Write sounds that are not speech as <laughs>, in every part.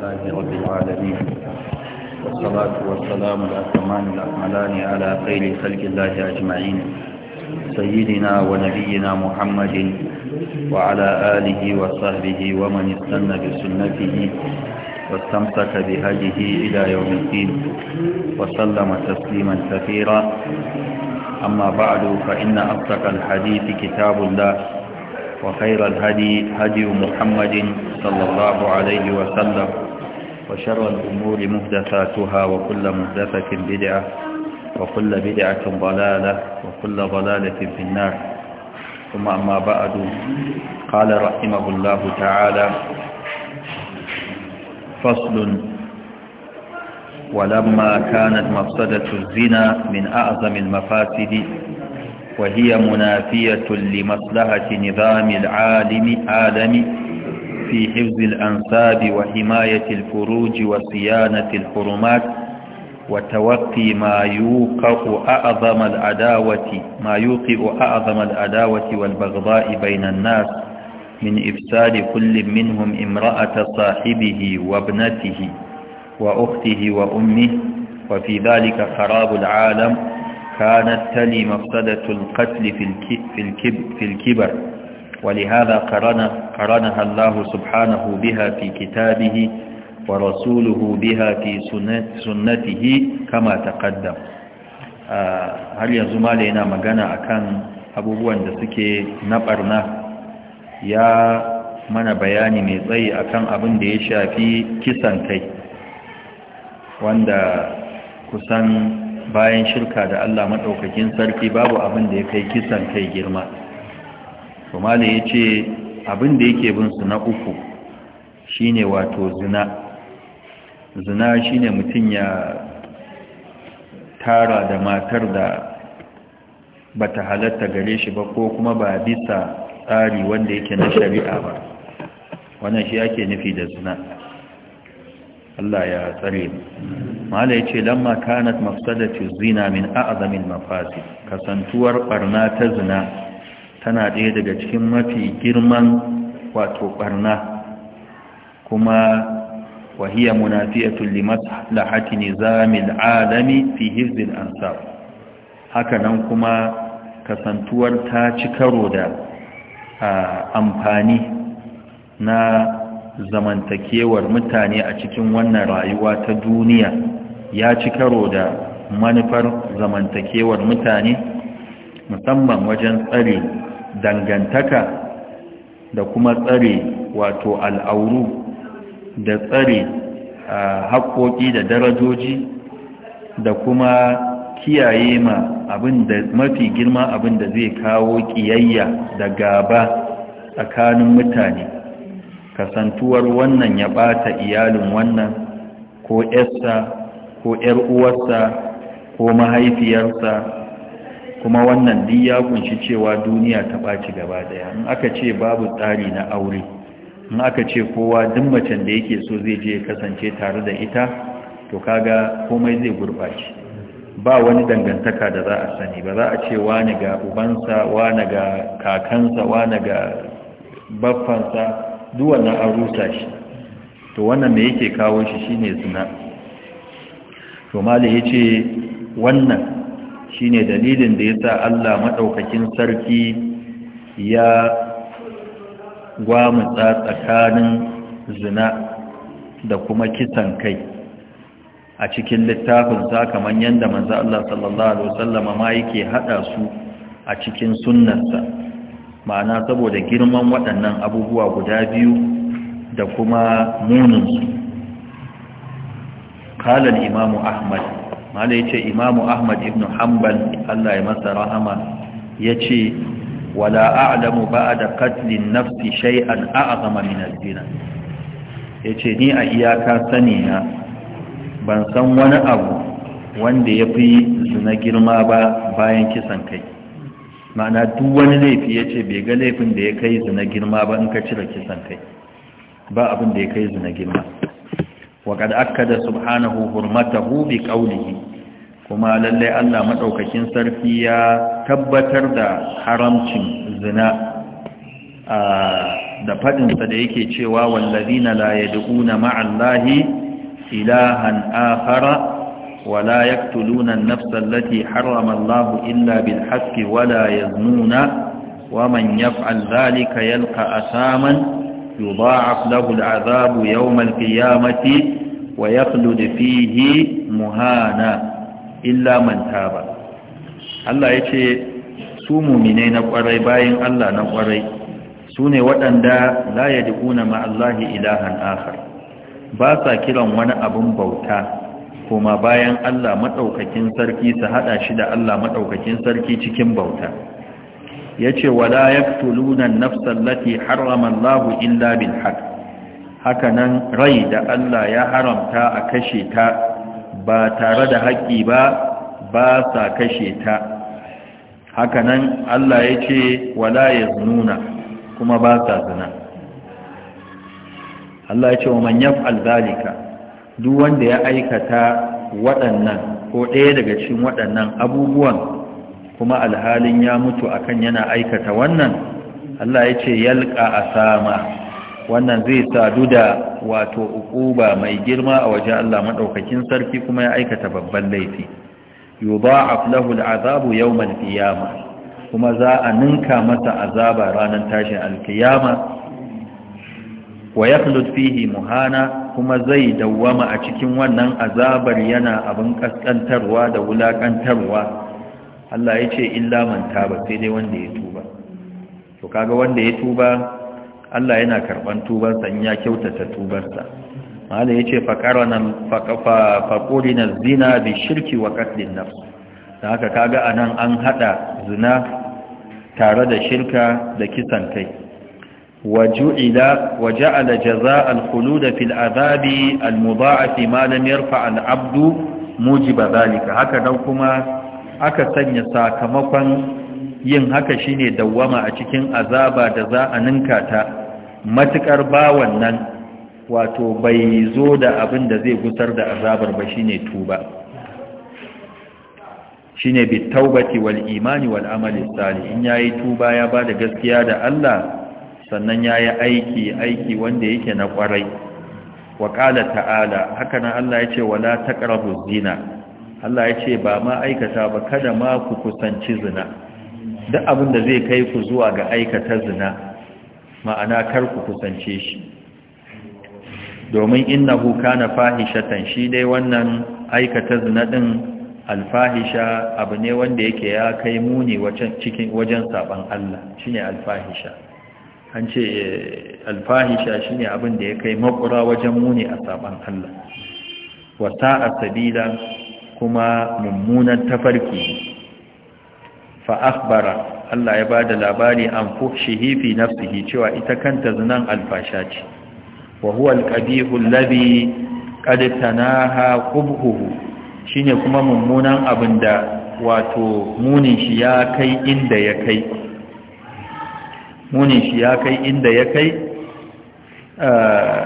لله رب العالمين والصلاة والسلام الأكمان الأكملان على خير خلق الله أجمعين سيدنا ونبينا محمد وعلى آله وصحبه ومن استنى بسنته واستمسك بهجه إلى يوم الدين وسلم تسليما كثيرا أما بعد فإن أصدق الحديث كتاب الله وخير الهدي هدي محمد صلى الله عليه وسلم وشر الأمور مهدفاتها وكل مهدفة بدعة وكل بدعة ضلالة وكل ضلالة في النار ثم أما بعد قال رحمه الله تعالى فصل ولما كانت مفسدة الزنا من أعظم المفاسد وهي منافية لمصلحة نظام العالم عالم في حفظ الأنساب وحماية الفروج وصيانة الحرمات وتوقي ما يوقع أعظم العداوة ما يوقع أعظم العداوة والبغضاء بين الناس من إفساد كل منهم امرأة صاحبه وابنته وأخته وأمه وفي ذلك خراب العالم كانت تلي مفسدة القتل في الكبر ولهذا قرن قرنها الله سبحانه بها في كتابه ورسوله بها في سنته كما تقدم هل يزما لنا مغانا akan abubuwan da suke na barna ya mana bayani mai tsayi akan abin da ya shafi kisan kai wanda kusan bayan shirka da Allah maɗaukakin sarki babu abin da ya kai kisan kai girma To ya ce abin da yake bin su na uku shine wato zina zina shine mutum ya tara da matar da bata halatta gare shi ba ko kuma ba bisa tsari wanda yake na shari'a ba wannan shi ake nufi da zina Allah ya tsare mala yace lamma kanat mafsadatu zina min a'zamin mafasid kasantuwar barna ta zina tana ɗaya daga cikin mafi girman wato ɓarna, kuma wahiyar munafiyatun limashati nizamil alami fi hizbin ansar hakanan kuma kasantuwar ta ci karo da amfani na zamantakewar mutane a cikin wannan rayuwa ta duniya ya ci karo da manufar zamantakewar mutane musamman wajen tsare dangantaka da kuma tsare wato al'auru da tsare haƙoƙi da darajoji da kuma kiyaye ma abin mafi girma abin da zai kawo ƙiyayya da gaba tsakanin mutane kasantuwar wannan ya ɓata iyalin wannan ko yarsa ko ‘yar uwarsa ko mahaifiyarsa kuma wannan duk ya kunshi cewa duniya ta ɓaci gaba ɗaya in aka ce babu tsari na aure in aka ce kowa duk macen da yake so zai je kasance tare da ita to kaga komai zai gurɓaci ba wani dangantaka da za a sani ba za a ce wani ga ubansa wani ga kakansa wani ga baffansa duk wannan an rusa shi to wannan me yake kawo shi shine zina to malai yace wannan shine dalilin da ya sa Allah maɗaukakin sarki ya gwamutsa tsakanin zina da kuma kisan kai a cikin littafin sa kamar yanda manzo Allah sallallahu alaihi wasallama ma yake hada su a cikin sunnarsa ma'ana saboda girman waɗannan abubuwa guda biyu da kuma muninsu قال الإمام أحمد mala ya ce imamu ahmad ibn hanbal allah ya masa rahama ya ce wala a'lamu ba'da qatlin nafsi shay'an a'zama min al-zina yace ni a iyaka sani na ban san wani abu wanda yafi zina girma ba bayan kisan kai ma'ana duk wani laifi yace bai ga laifin da ya kai zina girma ba in ka cire kisan kai ba abin da ya kai zina girma وقد أكد سبحانه حرمته بقوله كما للي ألا مدعوككين سرفيا تبتر دا حرمتم زنا da faɗinsa da yake cewa wallazina la yad'una ma'allahi ilahan akhara ولا يقتلون النفس التي حرم الله إلا بالحق ولا يزنون ومن يفعل ذلك يلقى أساما يضاعف له العذاب يوم القيامة wa yakhlud fihi muhana illa manta ba. Allah yace su mu'mine na kwarai bayan Allah na kwarai sune waɗanda la yad'una ma Allahi ilahan akhar ba sa kiran wani abun bauta kuma bayan Allah maɗaukakin sarki su haɗa shi da Allah maɗaukakin sarki cikin bauta yace wala yaqtuluna an-nafsa allati harrama Allahu illa bil haka. hakanan rai da Allah ya haramta a kashe ta ba tare da haƙƙi ba ba sa kashe ta hakanan Allah ya ce wala ya nuna kuma ba sa zina Allah ya ce wa manyan yaf'al duk wanda ya aikata waɗannan ko ɗaya daga cikin waɗannan abubuwan kuma alhalin ya mutu akan yana aikata wannan Allah ya ce a sama. wannan zai sadu da wato ukuba mai girma a wajen Allah madaukakin sarki kuma ya aikata babban laifi yudha'af a al'azabu azabu al-qiyamah kuma za a ninka masa azaba ranar tashin al-qiyamah wa fihi muhana kuma zai dawwama a cikin wannan azabar yana abin kaskantarwa da wulaƙantarwa. Allah ya ce illa manta ba sai dai wanda ya tuba to kaga wanda ya tuba Allah yana karban tubarsa in ya kyautata tubarsa malai yace fa faqafa faqulina zina bi shirki wa qatlin nafs dan haka kaga anan an hada zina tare da shirka da kisan kai وجعل وجعل da filazabi في العذاب المضاعف ما لم يرفع العبد موجب haka هكذا kuma aka sanya sakamakon yin haka shine dawwama a cikin azaba da za a ninka ta matukar bawan nan wato bai zo da abin da zai gusar da azabar ba shine tuba shine bi taubati wal imani wal amali salih in yayi tuba ya ba da gaskiya da Allah sannan yayi aiki aiki wanda yake na kwarai wa qala ta'ala haka nan Allah yace wala taqrabu zina Allah yace ba ma aikata ba kada ma ku kusanci zina duk abin da zai kai ku zuwa ga aikata zina ma'ana kar ku kusance shi domin innahu kana fahishatan shi dai wannan aikata zina din alfahisha abu ne wanda yake ya kai muni cikin wajen saban Allah shine alfahisha an ce eh, alfahisha shine abin da ya kai makura wajen muni a saban Allah wa a sabila kuma mummunan tafarki fa akhbara Allah ya ba da labari an fuhshihi fi nafsihi cewa ita kanta zinan alfasha ce wa huwa alqabihu alladhi qad tanaha shine kuma mummunan abin da wato munin shi ya kai inda ya kai eh,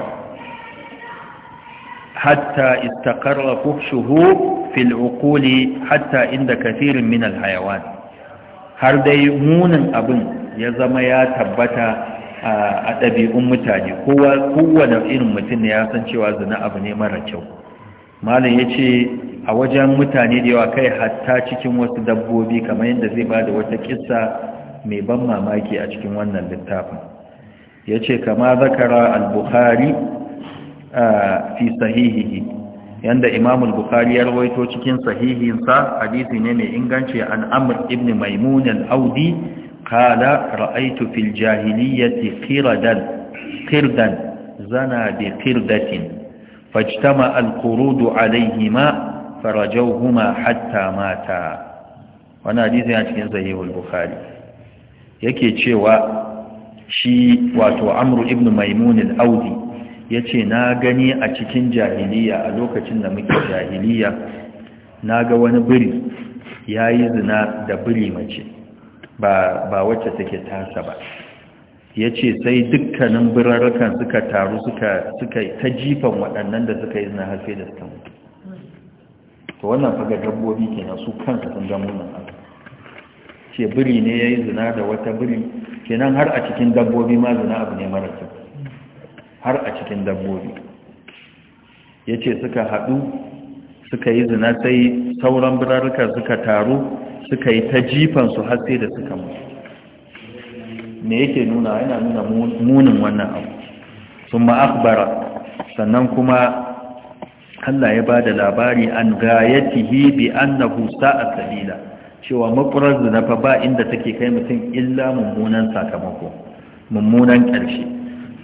hatta istaqarra fuhshuhu filukuli, hatta inda kafirin min alhayawan har dai munin abin ya zama ya tabbata a ɗabi'un mutane kowane irin mutum ne ya san cewa zina abu ne mara kyau malam ya ce a wajen mutane da yawa kai hatta cikin wasu dabbobi kamar yadda zai ba da wata kisa mai ban mamaki a cikin wannan littafin ya ce kama zakara al-bukhari fi sahihihi yanda imamul bukari bukhari ya rawaito cikin sahihinsa hadisi ne mai inganci an amr ibn maimun al-audi kala ra'aitu fil jahiliyyati qiradan qirdan zana bi qirdatin fajtama al-qurud alayhima farajawhuma hatta mata wannan hadisi ne cikin sahihul bukhari yake cewa shi wato amru ibn maimun al-audi ya ce na gani a cikin jahiliya a lokacin da muke jahiliya na ga wani biri ya yi zina da biri mace ba wacce take tasa ba ya ce sai dukkanin birarrakan suka taru suka ta jifan waɗannan da suka yi zina harfe da suka mutu ta wannan faga dabbobi kenan su kansa sun ga munan abu ce biri ne ya yi zina da wata biri kenan har a cikin dabbobi ma zina abu ne mara cikin. har a cikin dabbobi ya ce suka haɗu suka yi zina sai sauran birarruka suka taru suka yi ta jifansu har sai da suka mutu me yake nuna yana nuna munin wannan abu sun ma'akbara sannan kuma Allah ya ba da labari an an na annahu a sabila cewa maƙurar zina fa ba inda take kai mutum illa mummunan sakamako mummunan ƙarshe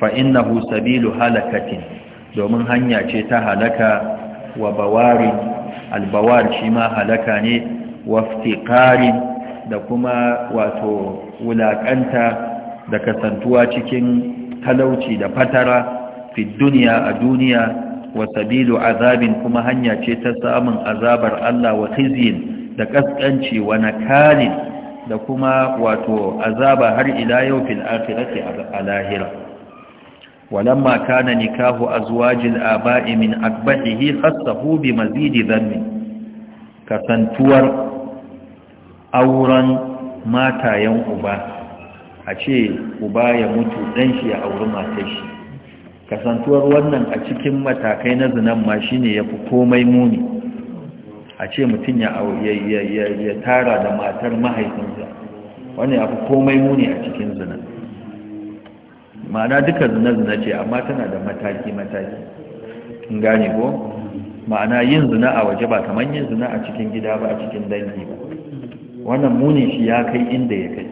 fainnahu sabilu halakatin domin hanya ce ta halaka wa bawarin albawar shi ma halaka ne waftiqari da kuma wato wulaƙanta da kasantuwa cikin talauci da fatara fi duniya a duniya wa sabilu azabin kuma hanya ce ta samun azabar Allah wa khizyin da kaskanci wa nakalin da kuma wato azaba har ila yau fil akhirati a lahira ولما كان نكاح أزواج الآباء من أكبحه خصه بمزيد ذنب كسنتور أورا مات يوم أبا أشي أبا يموت دنشي أور ما تشي kasantuwar wannan a cikin matakai na zinan ma shine yafi komai muni a ce mutum ya ya tara da matar mahaifinsa wannan yafi komai muni a cikin zina ma'ana duka zina-zina ce amma tana da mataki-mataki in gane ko ma'ana yin zina a waje ba kamar yin zina a cikin gida ba a cikin dangi ba wannan muni shi ya kai inda ya kai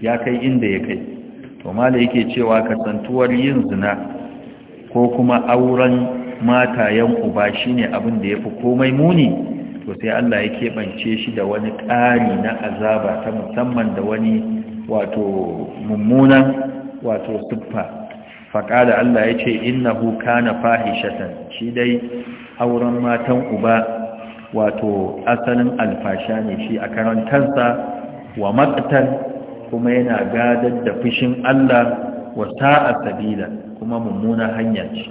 ya kai inda ya kai to mala yake cewa kasantuwar yin zina ko kuma auren mata matayen uba shine abin da ya fi komai muni to sai Allah ya keɓance shi da wani ƙari na azaba ta musamman da wani wato mummunan wato siffa faƙada Allah ya ce innahu kana fahishatan shi dai auren matan uba wato asalin alfasha ne shi a karantarsa wa matsatan kuma yana gadar da fushin Allah wa sabila kuma mummuna hanya ce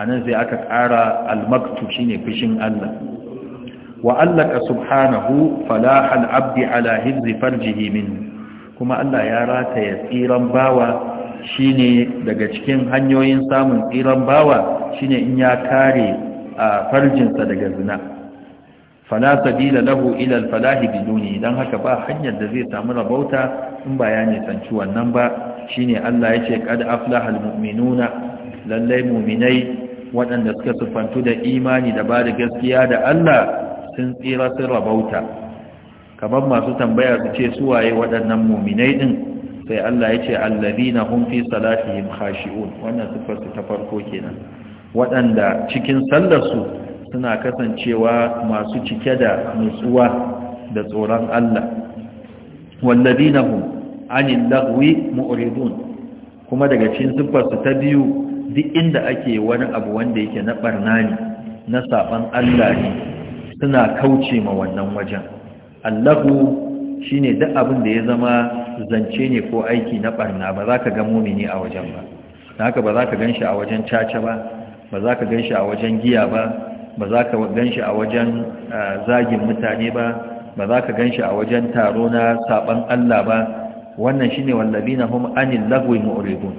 a nan zai aka ƙara almaktu shi ne fushin Allah wa allaka subhanahu falahal abdi ala hizzi farjihi kuma Allah ya rataye tsiran bawa shine daga cikin hanyoyin samun tsiran bawa shine in ya kare a farjinsa daga zina fala sabila lahu ila al-falahi biduni dan haka ba hanyar da zai samu rabauta in ba ya nisanci wannan ba shine Allah yace qad aflaha al-mu'minuna lallai mu'minai waɗanda suka sufantu da imani da ba da gaskiya da Allah sun tsira sun rabauta kamar masu tambaya su ce su waye waɗannan mu'minai din sai Allah ya ce allazina hum fi salatihim khashi'un wannan sifar ta farko kenan waɗanda cikin sallar su suna kasancewa masu cike da nutsuwa da tsoron Allah wallazina hum anin lagwi mu'ridun kuma daga cikin sifar ta biyu duk inda ake wani abu wanda yake na barna ne na saban Allah ne suna kauce ma wannan wajen allahu Shi ne duk abin da ya zama zance ne ko aiki na barna ba za ka ga mumini a wajen ba haka ba za ka gan shi a wajen caca ba ba za ka gan shi a wajen giya ba ba za ka gan shi a wajen zagin mutane ba ba za ka gan shi a wajen taro na saban Allah ba wannan shi shine na hum anil lagwi mu'ridun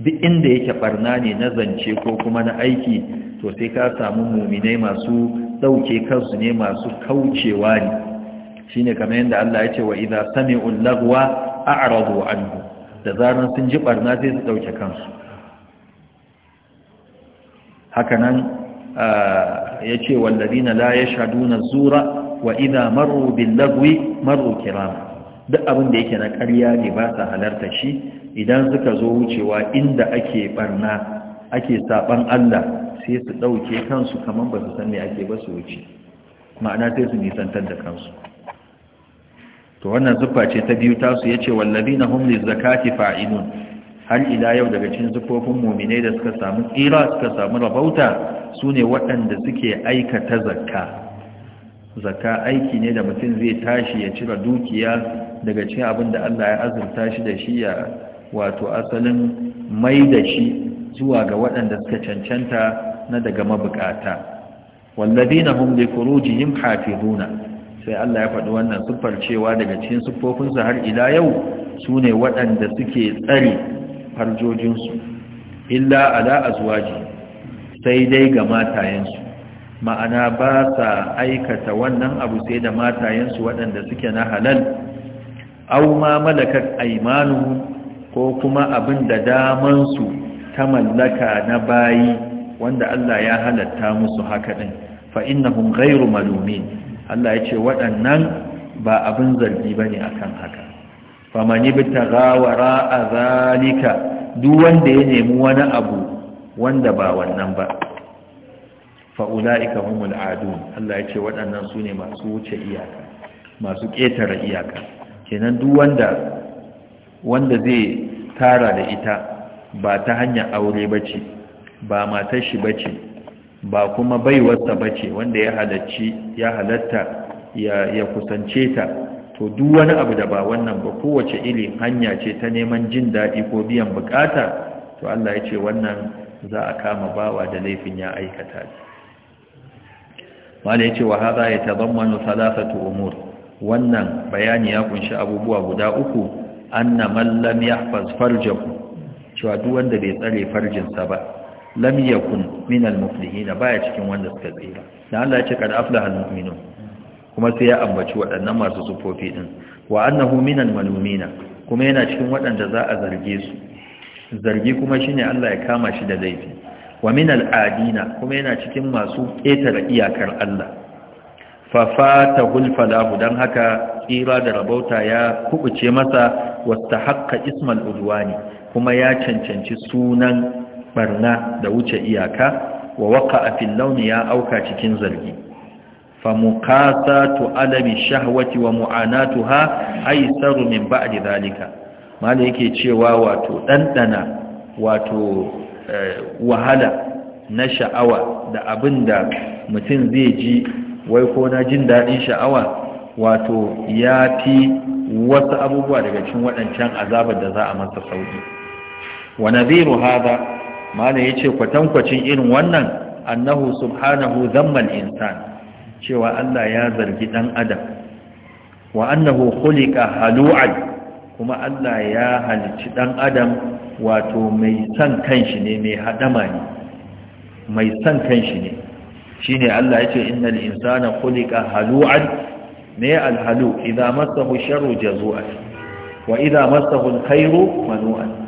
duk inda yake barna ne na zance ko kuma na aiki to sai ka samu muminai masu ɗauke kansu ne masu kaucewa ne shine kamar yadda Allah ya ce wa sami sami'u a a'radu anhu da zaran sun ji barna sai su dauke kansu hakanan yace walladina la yashhaduna zura wa idza marru bil lagwi marru kirama duk abin da yake na ƙarya ne ba sa halarta shi idan suka zo wucewa inda ake barna ake saɓan Allah sai su dauke kansu kaman ba su san me ake ba su wuce ma'ana sai su nisantar da kansu to wannan zuffa ce ta biyu tasu wallabi na humli zakati fa'ilun har ila yau daga cikin zufofin mu'minai da suka samu tsira suka samu rabauta sune waɗanda suke aikata zakka zakka aiki ne da mutum zai tashi ya cira dukiya daga cikin abin da Allah ya azurta shi da shi ya wato asalin mai da shi zuwa ga waɗanda suka cancanta na daga mabukata wallazina kuruji yin hafi runa. sai Allah ya faɗi wannan siffar cewa daga cikin siffofinsu har ila yau su ne waɗanda suke tsare farjojinsu illa ala azwaji sai dai ga matayensu ma'ana ba sa aikata wannan abu sai da matayensu waɗanda suke na halal au ma malakat aimanu ko kuma abin da damansu ta mallaka na bayi wanda Allah ya halatta musu haka din fa innahum ghairu malumin Allah ya ce waɗannan ba abin zargi ba ne a kan haka famani bi ta gawara a zalika duk wanda ya nemi wani abu wanda ba wannan ba fa'ula'ika humul adun Allah ya ce waɗannan su ne masu wuce iyaka masu ƙetare iyaka kenan duk wanda wanda zai tara da ita ba ta hanyar aure ba ce ba matar shi ba ce ba kuma baiwarsa ce wanda ya halacci ya halatta ya kusance ta to duk wani abu da ba wannan ba kowace iri hanya ce ta neman jin daɗi ko biyan bukata to Allah ya ce wannan za a kama bawa da laifin ya aikata mala ya ce wa haza ya tazammanu salasatu umur wannan bayani ya kunshi abubuwa guda uku anna man lam yahfaz farjahu cewa duk wanda bai tsare farjinsa ba lam yakun min al-muflihin baya cikin wanda suka tsira dan Allah ya ce kad aflaha al-mu'minun kuma sai ya ambaci waɗannan masu sufofi din wa annahu min al-malumina kuma yana cikin waɗanda za a zarge su zargi kuma shine Allah ya kama shi da laifi wa min al-adina kuma yana cikin masu ƙetare iyakar Allah fa fatahul falahu dan haka tsira da rabauta ya kubuce masa wastahaqqa ismal udwani kuma ya cancanci sunan barna da wuce iyaka wa waqa'a a lawmi ya auka cikin zargi fa muqasatu alami shahwati wa mu'anatuha aysaru min ba'di zalika mala yake cewa wato ɗanɗana wato eh, wahala na sha'awa da abinda mutum zai ji wai ko na jin daɗin sha'awa wato ya fi wasu abubuwa daga cikin waɗancan azabar da za a masa sauki wa nadhiru hadha malam yace kwatankwacin irin wannan annahu subhanahu zammal insan cewa Allah ya zargi dan adam wa annahu khuliqa halu'an kuma Allah ya halicci dan adam wato mai san kanshi ne mai hadama ne mai san kanshi ne shine Allah yace innal insana khuliqa halu'an ne alhalu idza massahu sharru jazu'an wa idza massahu alkhairu manu'an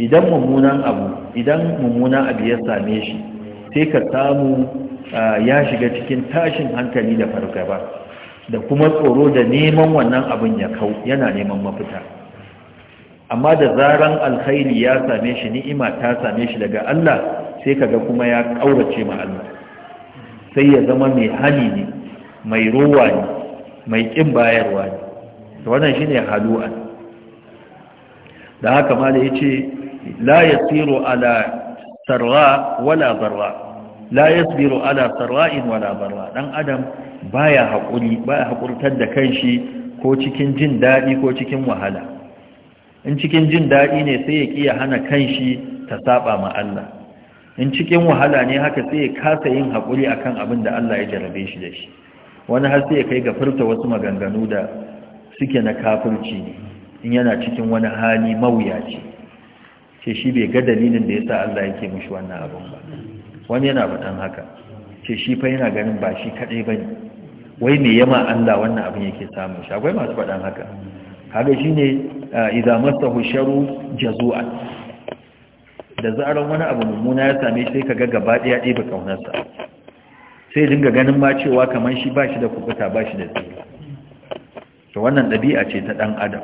idan mummunan abu idan mummunan abu ya same shi sai ka samu ya shiga cikin tashin hankali da fargaba da kuma tsoro da neman wannan abin ya kau yana neman mafita amma da zaran alkhairi ya same shi ni'ima ta same shi daga Allah sai kaga kuma ya ƙaurace ma Allah sai ya zama mai hali ne mai ruwa ne mai ƙin bayarwa ne wannan shine halu'an da haka malai yace la يصير ala sarra wala barra la yasbiru ala سراء ولا ضراء dan adam baya hakuri baya hakurtar da kanshi ko cikin jin dadi ko cikin wahala in cikin jin dadi ne sai ya kiya hana kanshi ta saba ma Allah in cikin wahala ne haka sai ya kasa yin hakuri akan abin da Allah ya jarabe shi da shi wani har sai ya kai ga furta wasu maganganu da suke na kafirci in yana cikin wani hali mawuyaci ce shi bai ga dalilin da ya sa Allah yake mushi wannan abin ba wani yana faɗan haka ce shi fa yana ganin ba shi kaɗai ba ne wai me yama Allah wannan abin yake samun shi akwai masu faɗan haka kaga shi ne idan masahu sharu jazu'a da zarar wani abu mummuna ya same shi sai ga gaba ɗaya ɗebe kaunarsa sai dinga ganin ma cewa kamar shi ba shi da kubuta ba shi da tsira to wannan ɗabi'a ce ta ɗan adam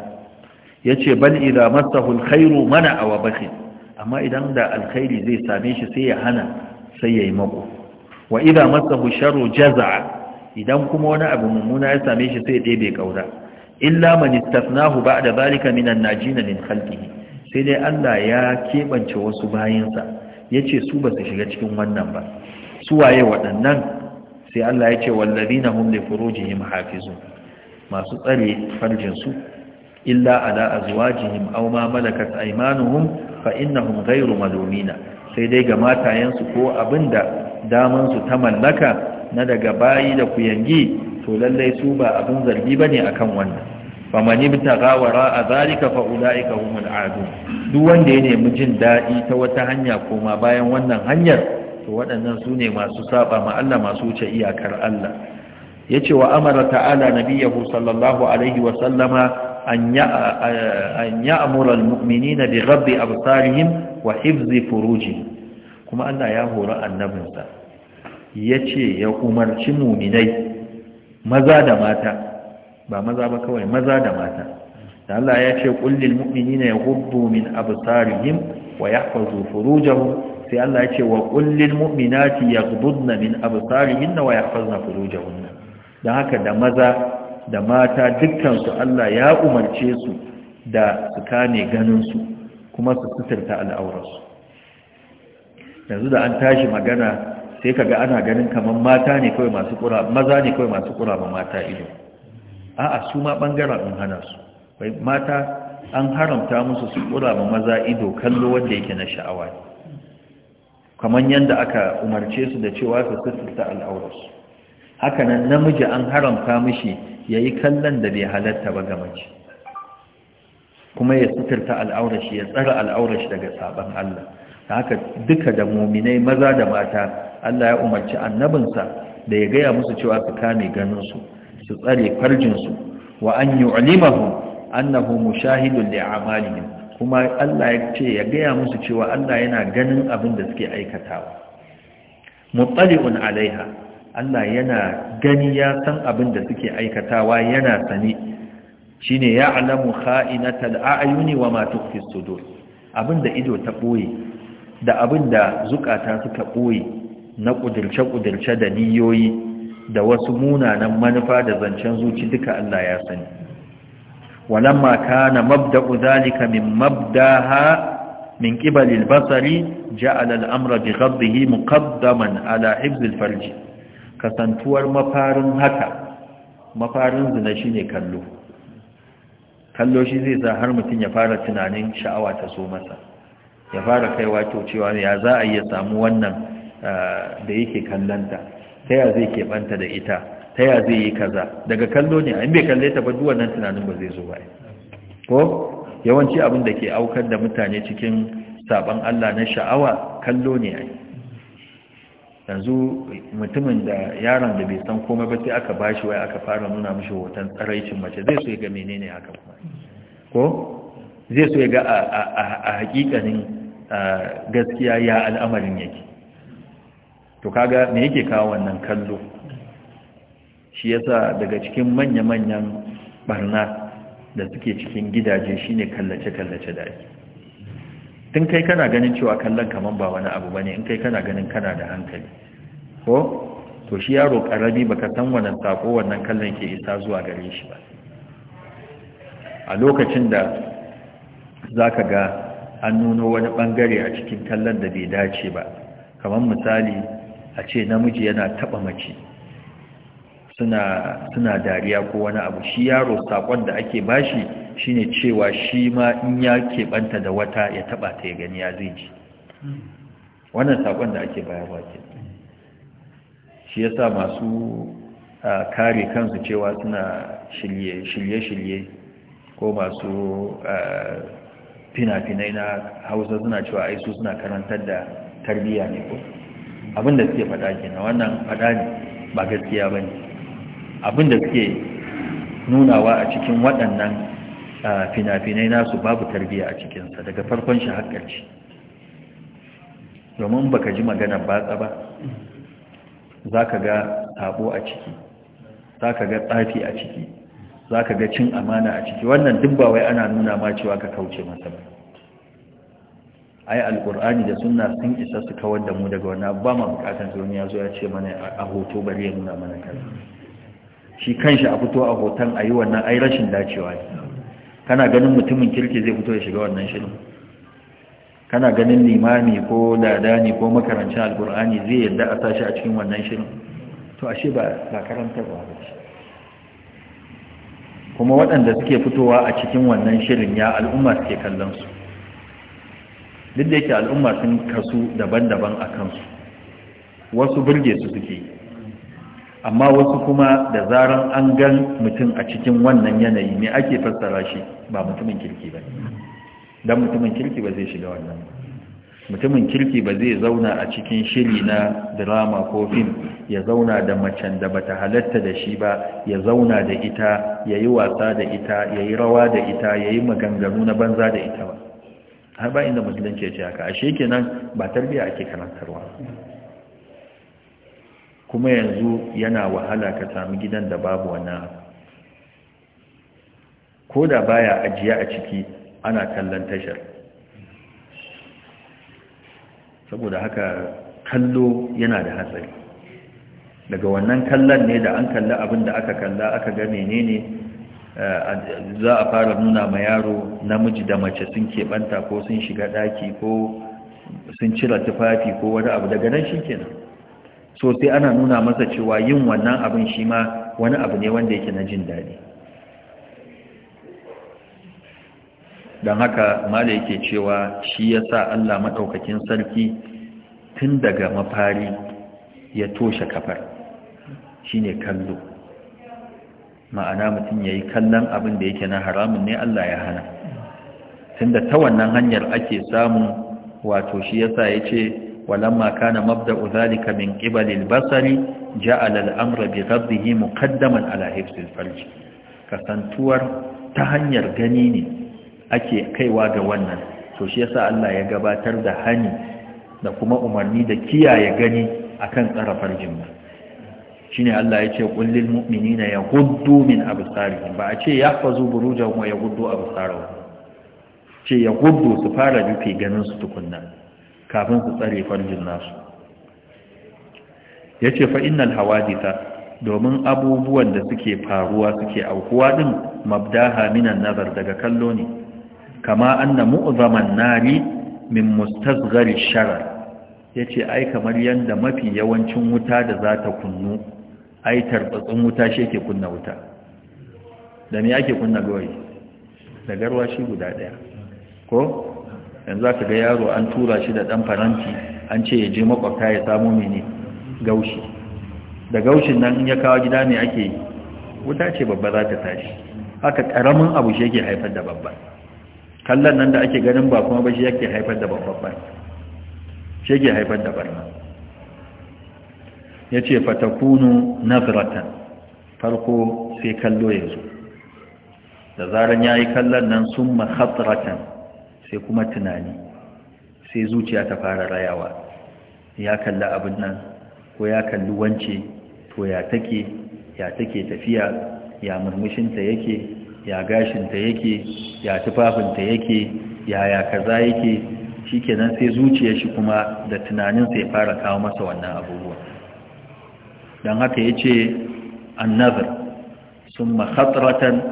yace ban idza massahu mana a bakhil amma idan da alkhairi zai same shi sai ya hana sai yayi mako wa idza massahu sharru idan kuma wani abu mummuna ya same shi sai ya ɗebe kaura illa man istafnahu da zalika minan najina min khalqihi sai dai Allah ya keɓance wasu bayinsa yace su ba su shiga cikin wannan ba su waye waɗannan sai Allah ya ce wallabi na humle furoji yi mahafizu masu tsare farjinsu illa a a ala azwajihim aw ma malakat aymanuhum fa innahum ghayru malumina sai dai ga matayensu ko abinda daman su ta mallaka na daga bayi da kuyangi to lallai su ba abin zargi bane akan wannan faman ibtaga wara zalika fa ulaika humul aadun duk wanda ya nemi jin daɗi ta wata hanya koma bayan wannan hanyar to waɗannan sune masu saba ma Allah masu wuce iyakar Allah yace wa amara ta'ala Nabiyyahu sallallahu an ya'mura al-mu'minina bi ghabbi absarihim wa hibzi furujihim kuma Allah ya hori annabinsa yace ya umarci mu'minai maza da mata ba maza ba kawai maza da mata da Allah ya ce kullil ya hudu min absarihim wa yahfazu furujahum sai Allah ya ce wa kullil mu'minati yaghuddna min na wa yahfazna furujahunna dan haka da maza da mata dukkansu Allah ya umarce su da su kane ganinsu kuma su suturta al'aurarsu yanzu da an tashi magana sai ka ga ana ganin kamar mata ne kawai masu kura maza ne kawai masu kura ba mata ido a'a su ma bangaren an hana su mata an haramta musu su kura ba maza ido kallo wanda yake na sha'awa kamar yadda aka umarce su da cewa su suturta al'aurarsu haka nan namiji an haramta mishi ya yi kallon da bai halarta ba ga mace kuma ya suturta al'aurashi ya tsara al'aurashi daga sabon Allah ta haka duka da muminai maza da mata Allah ya umarci annabinsa da ya gaya musu cewa su kame ganinsu su tsare farjinsu wa an ulimahu annahu mushahidun da a'malihim kuma Allah ya ce ya gaya musu cewa Allah yana ganin abin da suke aikatawa muttali'un alaiha Allah yana gani ya san abin da suke aikatawa yana sani shine ya alamu kha'inatal a'yuni wa ma tukhfi sudur abin da ido ta ɓoye, da abin da zukata suka ɓoye, na ƙudirce-ƙudirce da niyoyi da wasu munanan manufa da zancen zuci duka Allah ya sani walamma kana mabda'u zalika min mabdaha min qibali basari ja'alal amra bi ghaddihi muqaddaman ala hifz farji kasantuwar mafarin haka mafarin zina shine kallo kallo shi zai sa har mutum ya fara tunanin sha'awa ta so masa ya fara kaiwa to cewa ya za a iya samu wannan ah, da yake kallanta ta ya zai keɓanta da ita ta ya zai yi kaza daga kallo ne a bai kalle ta ba wannan tunanin ba zai zo ba ko yawanci abin da ke aukar da mutane cikin saban Allah na sha'awa kallo ne ai yanzu mutumin da yaron da bai san komai ba sai aka bashi wai aka fara nuna mishi hoton tsaraicin mace zai so ya ga menene haka kuma ko zai so ya ga a hakikanin gaskiya ya al'amarin yake to kaga me yake kawo wannan kallo shi yasa daga cikin manya-manyan barna da suke cikin gidaje shine kallace-kallace da ake tun kai kana ganin cewa kallon kaman ba wani abu bane in kai kana ganin kana da hankali ko to shi yaro karami baka san wannan sako wannan kallon ke isa zuwa gare shi ba a lokacin da zaka ga an nuno wani bangare a cikin kallon da bai dace ba kaman misali a ce namiji yana taɓa mace suna suna dariya ko wani abu shi yaro sakon da ake bashi shine cewa shi ma in ya keɓanta da wata ya taɓa ta ya gani ya zai ji wannan sakon da ake bayarwa ke shi yasa masu kare kansu cewa suna shirye-shirye ko masu fina-finai na hausa suna cewa aisu suna karantar da tarbiyya ne ko abinda suke faɗa kenan wannan faɗa ne ba gaskiya ba ne abin da suke nunawa a cikin waɗannan fina-finai nasu babu tarbiyya a cikinsa daga farkon shi haƙarci domin baka ji maganar batsa ba za ka ga tabo a ciki za ka ga tsafi a ciki za ka ga cin amana a ciki wannan duk wai ana nuna ma cewa ka kauce masa ba ai alkur'ani da sunna sun isa su kawar da mu daga wannan ba ma bukatar duniya zo ya ce mana a hoto bari ya nuna mana kaza shi kanshi a fito a hoton a yi wannan ai rashin dacewa ne kana ganin mutumin kirki zai fito ya shiga wannan shirin kana ganin limami ko dada ne ko makarancin alkur'ani zai yadda a tashi a cikin wannan shirin to ashe ba karanta ba ce kuma waɗanda suke fitowa a cikin wannan shirin ya al'umma suke kallon su duk da yake al'umma sun kasu daban-daban a kansu wasu burge su suke yi amma wasu kuma da zaran an gan mutum a cikin wannan yanayi ne ake fassara shi ba mutumin kirki ba don mutumin kirki ba zai shiga wannan mutumin kirki ba zai zauna a cikin shiri na drama ko fim ya zauna da macen da bata halatta da shi ba ya zauna da ita ya yi wasa da ita ya yi rawa da ita ya yi maganganu na banza da ita ba har ba inda musulunci ya ce haka ashe kenan ba tarbiya ake karantarwa kuma yanzu yana wahala ka sami gidan da babu wannan ko da baya ajiye a ciki ana kallon tashar saboda haka kallo yana da hatsari daga wannan kallon ne da an kalli abin da aka kalla aka ga menene eh, za a fara nuna ma yaro namiji da mace sun keɓanta ko sun shiga ɗaki ko sun cire tufafi ko wani abu daga nan shi kenan so sai ana nuna masa cewa yin wannan abin shi ma wani abu ne wanda yake na jin daɗi don haka mala yake cewa shi ya sa allah maɗaukakin sarki tun daga mafari ya toshe kafar shi ne kallo ma'ana mutum ya yi kallon abin da yake na haramun ne allah ya hana tun da ta wannan hanyar ake samun wato shi ya sa ya ce ولما كان مبدأ ذلك من قبل البصر جعل الأمر بغضه مقدما على حفظ الفرج كسنتور تهنير غنيني أكي كيوا غوانا سوشيسا الله Allah ya هني da kuma umarni da kiyaye gani akan tsara farjin ba shine Allah ya ce kullil mu'minina yaghuddu min absarihim ba a ce yahfazu burujahum wa yaghuddu ba. ce yaghuddu su fara rufe ganin su tukunna kafin su tsare farjin nasu ya ce fa'innal hawadita domin abubuwan da suke faruwa suke aukuwa ɗin mabdaha minan nazar daga kallo ne kama anna mu'zaman nari min gari sharar ya ce ai kamar yadda mafi yawancin wuta da za ta kunnu ai tarbatsun wuta shi ke kunna wuta da me ake kunna gawai da garwa shi guda ɗaya ko yanzu za ka ga yaro an tura shi da ɗan faranti an ce ya je makwabta ya samo mene gaushi da gaushin nan in ya kawo gida ne ake yi wuta ce babba za ta tashi haka ƙaramin abu shi yake haifar da babba kallon nan da ake ganin ba kuma ba shi yake haifar da babba shi yake haifar da barna ya ce fatakunu nazratan farko sai kallo ya zo da zaran ya yi kallon nan sun mahatsaratan sai kuma tunani sai zuciya ta fara rayawa ya kalli abin nan ko ya kalli wance to ya take ya take tafiya ya murmushinta yake ya gashinta yake ya tufafinta yake ya kaza yake shi kenan sai zuciya shi kuma da tunanin sai fara kawo masa wannan abubuwa don haka yace annazar summa khatratan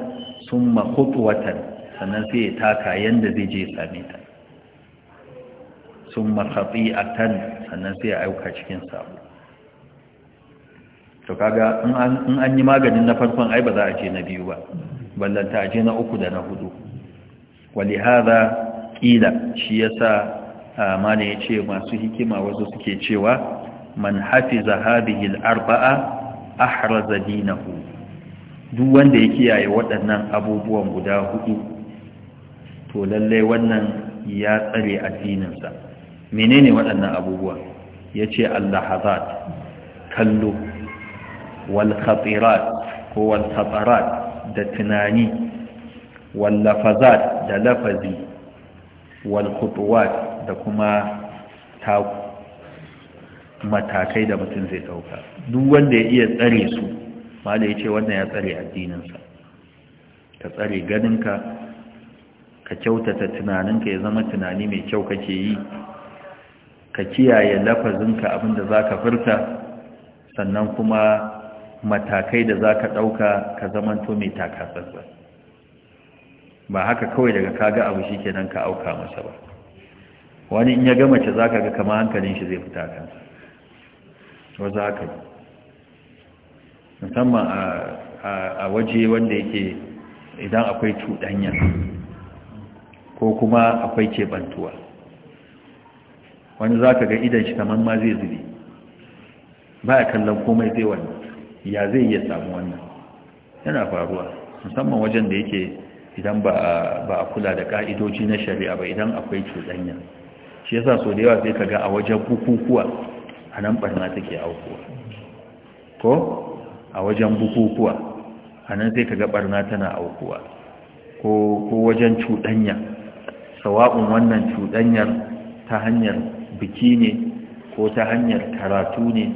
summa khutwatan sannan sai ya taka yanda zai je same ta sun marhatsi a tan sannan sai ya auka cikin samu. to kaga in an yi maganin na farkon ai ba za a ce na biyu ba ballanta a ce na uku da na hudu wali haza kila shi yasa mana ya ce masu hikima wasu suke cewa man hafi hadhihi al-arba'a na dinahu duk wanda ya kiyaye waɗannan abubuwan guda hudu to lallai wannan ya tsare addininsa menene waɗannan abubuwa ya ce allahazat kallo walkhatirat ko walkhatarat da tunani wallafazat da lafazi walkhutuwat da kuma taku matakai da mutum zai ɗauka duk wanda ya iya tsare su ma da ya ce wannan ya tsare addininsa ka tsare ganinka ka kyautata tunaninka ya zama tunani mai kyau kake yi ka kiyaye lafazinka abinda za ka furta sannan kuma matakai da za ka ɗauka ka zamanto mai takatsatsa ba haka kawai daga kaga abu shi kenan ka auka masa ba wani in ya gama ce za ka ga kama hankalin shi zai fita kansa za haka yi musamman a waje wanda yake idan akwai cuɗanya ko kuma akwai keɓantuwa wani za ka ga idan shi kamar ma zai zube ba a kallon komai zai wannan ya zai iya samu wannan yana faruwa musamman wajen da yake idan ba a kula da ka'idoji na shari'a ba idan akwai cuɗanya shi yasa sau da yawa sai ka ga a wajen bukukuwa a nan barna take aukuwa ko a wajen bukukuwa a nan sai ka ga barna tana aukuwa ko wajen cuɗanya sawa'un wannan cuɗanyar ta hanyar biki ne ko ta hanyar karatu ne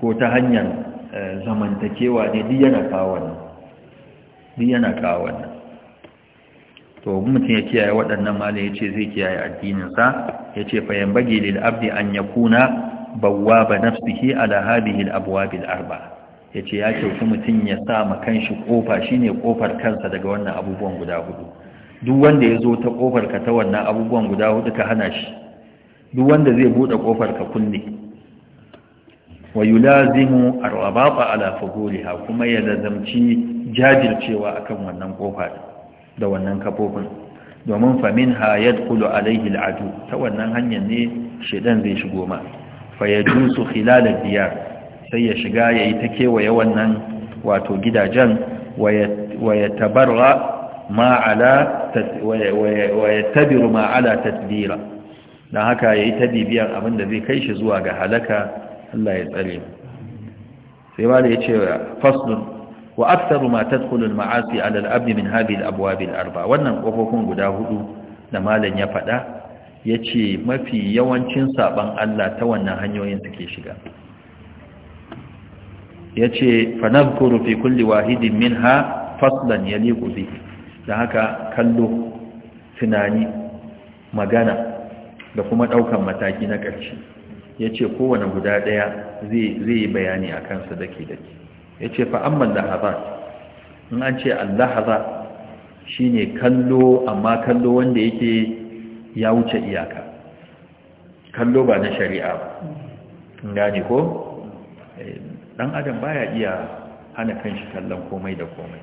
ko ta hanyar eh, zamantakewa ne duk yana kawo wannan duk yana kawo to mutum ya kiyaye waɗannan malin ya ce zai kiyaye addininsa ya ce fa bage lil abdi an ya kuna ba nafsihi ala hadihi al-abwa bil arba ya ce ya kyautu mutum ya sa ma kanshi kofa shine kofar kansa daga wannan abubuwan guda hudu duk wanda ya zo ta kofar ka ta wannan abubuwan guda hudu ka hana shi duk wanda zai bude kofar ka kunne wa yulazimu arbaba ala fuguliha kuma ya lazamci jajircewa akan wannan kofa da wannan kafofin domin famin ha yadkhulu alaihi al'adu ta wannan hanyar ne shedan zai shigo ma fayajusu khilal al-diyar sai ya shiga yayi ta kewaye wannan wato gidajen wa ma ala wa yattabiru ma ala tadbira dan haka yayi tabibiyan abin da zai kai shi zuwa ga halaka Allah ya tsare sai wanda yace faslun wa aktharu ma tadkhulu al-ma'asi ala al-abd min hadhihi al-abwab al-arba wannan kofofin guda hudu da malam ya faɗa yace mafi yawancin saban Allah ta wannan hanyoyin take shiga yace fa nadhkuru fi kulli wahidin minha faslan yaliqu bihi da haka kallo tunani magana da kuma ɗaukan mataki na ƙarshe ya ce kowane guda ɗaya zai yi bayani a kansa dake daki ya ce fa'amman lahabat in an ce allahaza shi ne kallo amma kallo wanda yake ya wuce iyaka kallo ba na shari'a ba gane ko eh, ɗan adam baya iya hana kanshi kallon komai da komai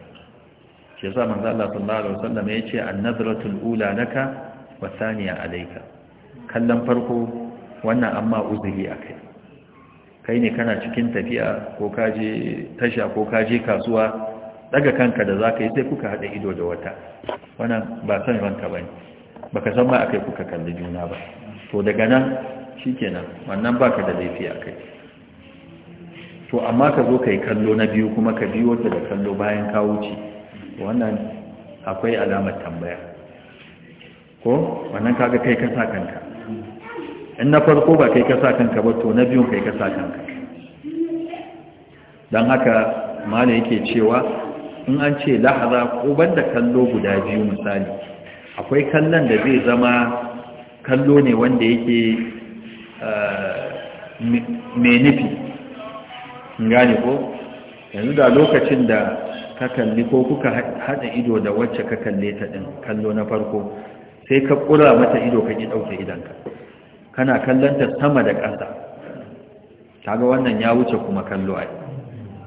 shi yasa manzo Allah sallallahu alaihi wasallam ya ce ula laka wa thaniya alayka kallon farko wannan amma uzuri akai kai ne kana cikin tafiya ko kaje tasha ko kaje kasuwa daga kanka da zaka yi sai kuka hada ido da wata wannan ba san ranka bane baka san ma akai kuka kalli juna ba to daga nan shikenan wannan baka da laifi akai to amma ka zo kai kallo na biyu kuma ka biyo ta da kallo bayan ka wuce wannan akwai alamar tambaya ko wannan kaga kai ka sa kanka in na farko ba kai ka sa kanka ba to na biyun kai ka sa kanka don haka mala yake cewa in an ce lahaza ko banda kallo guda biyu misali akwai kallon da zai zama kallo ne wanda yake eh, mai nufi gane ko yanzu da lokacin da ka kalli ko kuka haɗa ido da wacce ka kalle ta ɗin kallo na farko sai ka ƙura mata ido ka ƙi ɗauke idanka kana kallonta sama da ƙasa kaga wannan ya wuce kuma kallo ai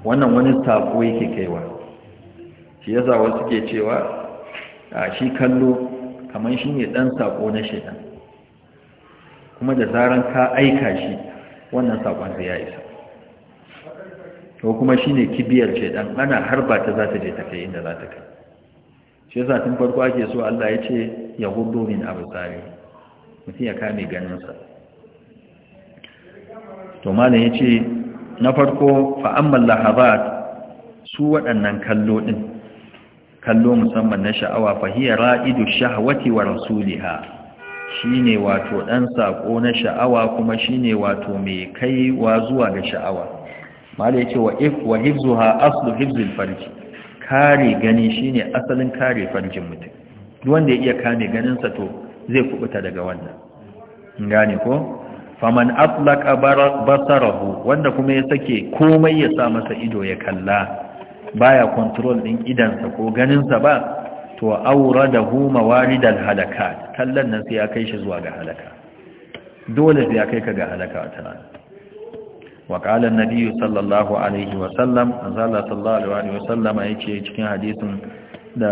wannan wani saƙo yake kaiwa shi yasa wasu ke cewa a shi kallo kamar shi ne ɗan saƙo na shaidan kuma da zaran ka aika shi wannan saƙon zai ya isa ko kuma shine kibiyar shaidan ana harba ta za ta je ta kai inda za ta kai shi yasa tun farko ake so Allah ya ce ya gudu min tsari mutum ya kame ganin sa to malam ya ce na farko fa'amman lahabat su waɗannan kallo din kallo musamman na sha'awa fahiyar ra'idu shahwati wa rasuliha shine wato ɗan saƙo na sha'awa kuma shine wato mai kaiwa zuwa ga sha'awa malai ce wa if wa hifzuha aslu farji kare gani shine asalin kare farjin mutum duk wanda ya iya kame ganin to zai kubuta daga wannan gane ko faman atlaqa basarahu wanda kuma ya sake komai ya sa masa ido ya kalla baya control din idansa ko ganinsa ba to auradahu mawaridal halakat kallan nan sai ya kai shi zuwa ga halaka dole sai ya kai ka ga halaka wata rana وقال النبي صلى الله عليه وسلم صلى الله عليه وسلم يتي cikin hadisin da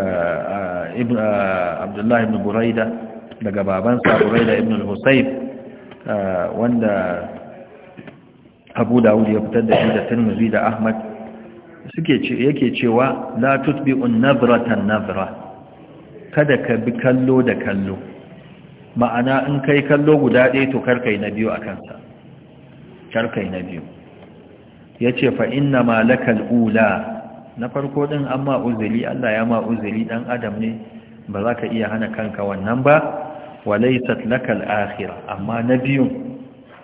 Abdullah ibn Buraida daga babansa Buraida ibn al-Husayb wanda Abu Dawud ya fitar da shi da Tirmidhi da Ahmad suke yake cewa la tutbi'un nabratan nabra kada ka bi kallo da kallo ma'ana in kai kallo guda ɗaya to kar kai na biyu akan sa karkai na biyu ya ce fa inna malakal ula na farko ɗin an ma'uzili Allah ya ma'uzili Ɗan adam ne ba za ka iya hana kanka wannan ba walaisat lakal ahira amma na biyun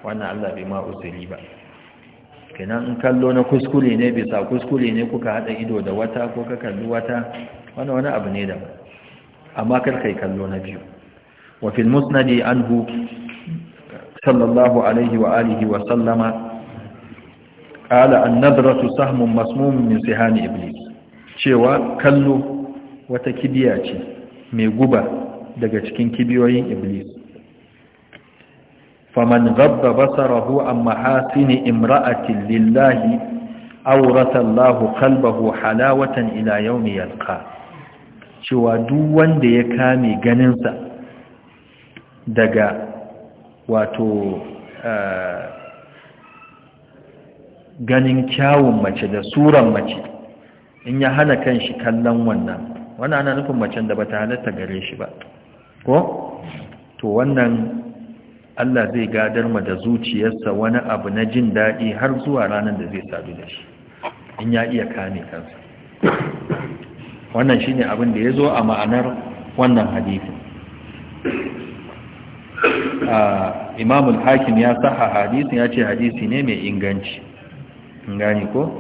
wannan Allah bai ma'uzili ba kenan in kallo na kuskure ne bisa kuskure ne kuka haɗa ido da wata ko ka kalli wata wani abu ne da amma kar kai kallo na biyu wa fil musnadi anhu صلى الله عليه وآله وسلم قال النظرة سهم مسموم من سهام iblis. cewa kallo wata kibiya ce mai guba daga cikin kibiyoyin iblis faman gabba basarahu an mahasini imra'atin lillahi auratallahu kalbahu halawatan ila yaumi yalqa cewa duk wanda ya kame ganinsa daga wato eh, ganin kyawun mace da suran mace in ya hana kan shi kallon wannan wannan ana nufin macen da bata halatta gare shi ba ko to wannan Allah zai gadar ma da zuciyarsa wani abu na jin daɗi har zuwa ranar da zai sadu da shi in ya iya kame kansa wannan shine abin da ya zo a ma'anar wannan hadisi. imamul hakim ya saha hadisi, ya ce hadisi ne mai inganci gani ko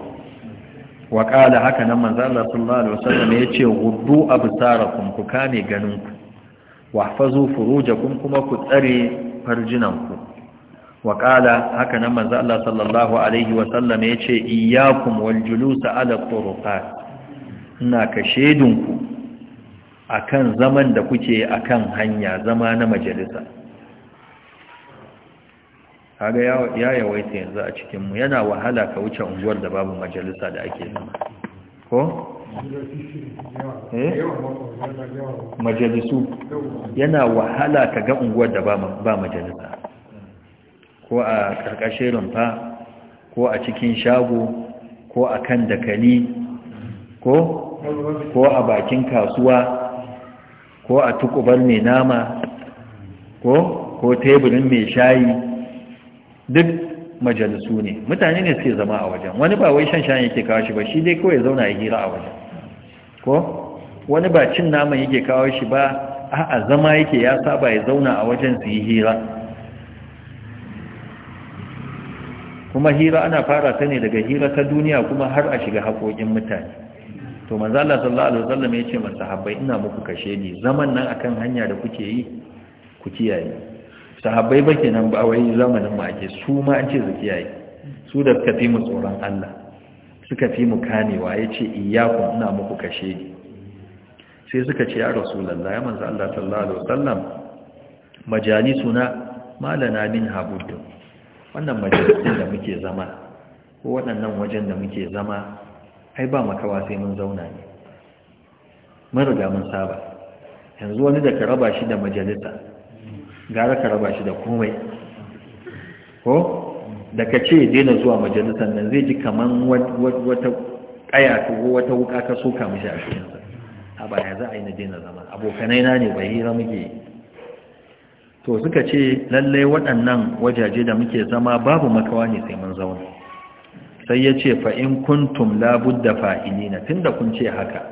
wa kala haka nan manzo Allah sallallahu alaihi wasallam ya ce guddu absarakum ku kame ganin ku hafazu furujakum kuma ku tsare farjinan ku wa kala haka nan manzo Allah sallallahu alaihi wasallam ya ce iyyakum wal julusa ala turuqat ina ka shedun ku akan zaman da kuke akan hanya zama na majalisa kaga ya yawaita yanzu a cikinmu yana wahala ka wuce unguwar da babu majalisa da ake zama ko? Eh? majalisu yana wahala ka ga unguwar da ba majalisa ko a ƙarƙashin rumfa ko a cikin shago ko a kan dakali ko ko a bakin kasuwa ko a tukubar mai nama ko ko teburin mai shayi duk majalisu ne mutane ne suke zama a wajen wani ba wai shan shayin yake kawo shi ba shi dai kawai zauna ya hira a wajen ko wani ba cin naman yake kawo shi ba a'a zama yake ya saba ya zauna a wajen su yi hira kuma hira ana fara ta ne daga hira ta duniya kuma har a shiga haƙoƙin mutane to manzala sallallahu alaihi wasallam ya ce masahabbai ina muku kashe ni zaman nan akan hanya da kuke yi ku kiyaye sahabbai ba nan ba wai zamanin ma ake su ma an ce su kiyaye su da suka fi mu tsoron Allah suka fi mu kanewa ya ce iyakun ina muku kashe ni sai suka ce ya rasulallah ya manzo Allah sallallahu alaihi wasallam majalisuna malana min habuddu wannan majalisin da muke zama ko waɗannan wajen da muke zama ai ba makawa sai mun zauna ne mun riga mun saba yanzu wani da ka raba shi da majalisa gara ka raba shi da komai ko da ka ce daina zuwa majalisar nan zai ji kaman wata kaya ko wata wuka ka soka mishi a shirinsa a baya za a yi na daina zama abokanai na ne bai hira muke to suka ce lallai waɗannan wajaje da muke zama babu makawa ne sai mun zauna sai ya ce fa'in kuntum da fa'ini na tun da kun ce haka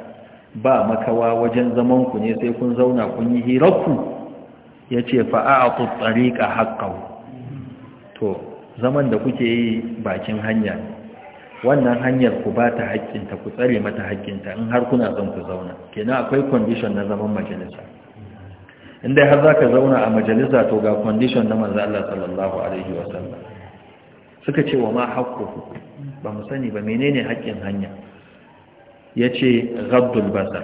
ba makawa wajen zamanku ne sai kun zauna kun yi hirarku ya ce fa'a'atu tsariƙa haƙƙau to zaman da kuke yi bakin hanya wannan hanyar ku ba ta haƙƙinta ku tsare mata haƙƙinta in har kuna zan ku zauna kenan akwai kwandishon na zaman majalisa inda har za ka zauna a majalisa to ga kwandishon na manzan Allah sallallahu alaihi wasallam suka ce wa ma haƙƙo ba mu sani ba menene haƙƙin hanya ya ce gabdul gani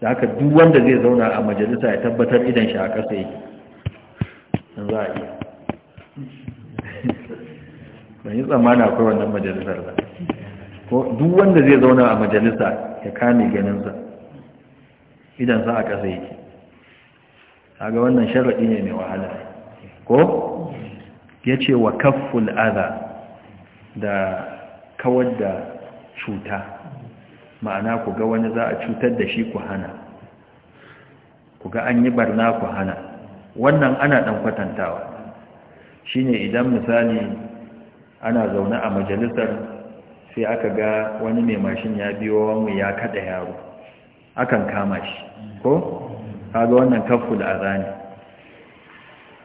da haka duk wanda zai zauna a majalisa ya tabbatar idan shi a ƙasa yake za a iya ban yi tsammani akwai wannan majalisar ba duk wanda zai zauna a majalisa ya kame ganinsa idan sa a ƙasa yake haga wannan sharaɗi ne mai wahala ko ya ce wa kafful aza da kawar da cuta ma'ana ku ga wani za a cutar da shi ku hana ku ga an yi barna ku hana wannan ana ɗan kwatantawa shine idan misali ana zaune a majalisar sai aka ga wani mai mashin ya biyo wani ya kada yaro akan kama shi ko kaga wannan kaful azani